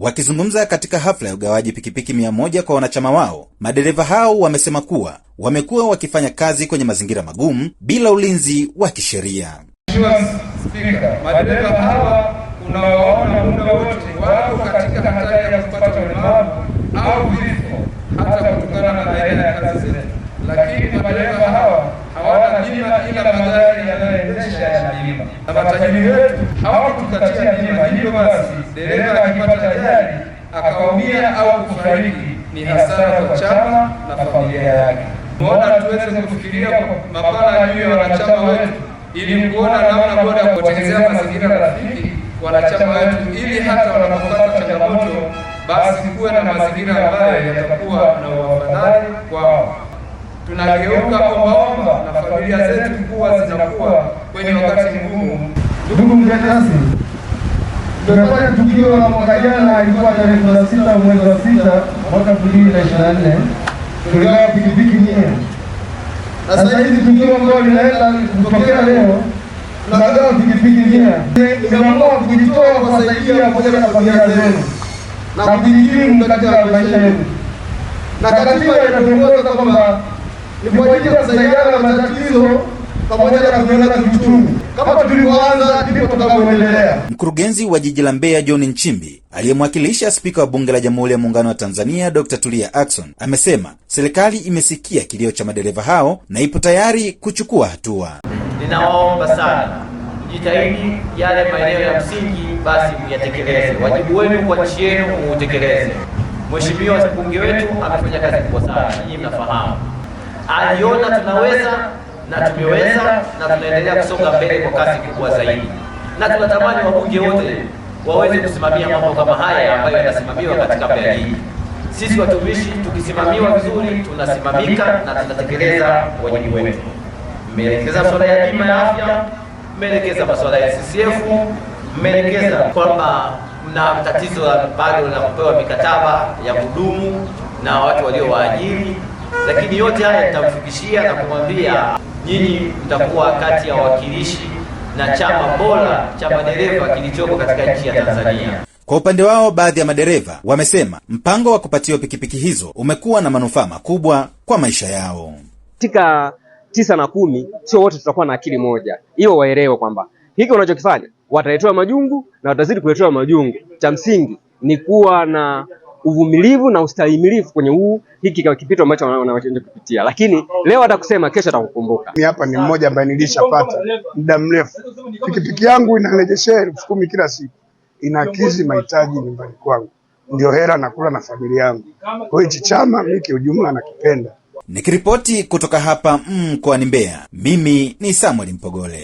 Wakizungumza katika hafla ya ugawaji pikipiki mia moja kwa wanachama wao, madereva hao wamesema kuwa wamekuwa wakifanya kazi kwenye mazingira magumu bila ulinzi wa kisheria. madereva hawa unawaona muda wote wako katika hatari ya kupata ulemavu au vifo hata kutokana na aina ya kazi zetu, lakini madereva hawa hawana bima ila magari kuendesha ya milima na matajiri wetu hawakutukatia milima. Hivyo basi dereva akipata ajali akaumia au kufariki, ni hasara kwa chama na familia yake. Mbona tuweze kufikiria mapana juu ya wanachama wetu ili kuona namna bora ya kuwatengenezea mazingira rafiki wanachama wetu, ili hata wanapopata changamoto basi kuwe na mazingira ambayo yatakuwa na uwafadhali kwao. Tunageuka ombaomba na familia zetu kuwa zinakuwa kwenye wakati mgumu. Ndugu mgeni rasmi, tumefanya tukio la mwaka jana, ilikuwa tarehe 16 mwezi wa sita mwaka 2024, tuligawa pikipiki mia. Sasa hizi tukio ambalo linaenda kutokea leo tunagawa pikipiki mia. Nimeamua kujitoa kwa kuwasaidia pamoja na familia zenu na kujikimu katika maisha yenu, na katiba inatuongoza kwamba ni kwa ajili ya kusaidiana na matatizo pamoja na kiuchumi kama tulivyoanza ndipo Mkurugenzi wa jiji la Mbeya John Nchimbi aliyemwakilisha spika wa bunge la Jamhuri ya Muungano wa Tanzania Dr. Tulia Ackson amesema serikali imesikia kilio cha madereva hao na ipo tayari kuchukua hatua. Ninawaomba sana jitahidi, yale maeneo ya msingi basi myatekeleze, wajibu wenu kwa nchi yenu muutekeleze. Mheshimiwa bunge wetu amefanya kazi kubwa sana, nyinyi mnafahamu, aliona tunaweza na tumeweza na tunaendelea kusonga mbele kwa kasi kubwa zaidi, na tunatamani wabunge wote waweze kusimamia mambo kama haya ambayo yanasimamiwa katika Mbeya hii. Sisi watumishi tukisimamiwa vizuri, tunasimamika na tunatekeleza wajibu wetu. Mmeelekeza masuala ya bima ya afya, mmeelekeza masuala ya CCF, mmeelekeza kwamba mna tatizo bado la kupewa mikataba ya kudumu na watu waliowaajiri, lakini yote haya tutamfikishia na kumwambia nyinyi mtakuwa kati ya wawakilishi na chama bora cha madereva kilichoko katika nchi ya Tanzania. Kwa upande wao baadhi ya madereva wamesema mpango wa kupatiwa pikipiki hizo umekuwa na manufaa makubwa kwa maisha yao. Katika tisa na kumi, sio wote tutakuwa na akili moja, hiyo waelewe kwamba hiki unachokifanya wataletewa majungu na watazidi kuletewa majungu. Cha msingi ni kuwa na uvumilivu na ustahimilivu kwenye huu hiki kwa kipito ambacho wanachoenda kupitia, lakini leo atakusema, kesho atakukumbuka. Mimi hapa ni mmoja ambaye nilishapata muda mrefu, pikipiki yangu inanirejeshea elfu kumi kila siku, inakizi mahitaji nyumbani kwangu, ndio hela nakula na familia yangu. Kwa hiyo hichi chama mimi kiujumla nakipenda. Nikiripoti kutoka hapa mkoani mm, Mbeya, mimi ni Samuel Mpogole.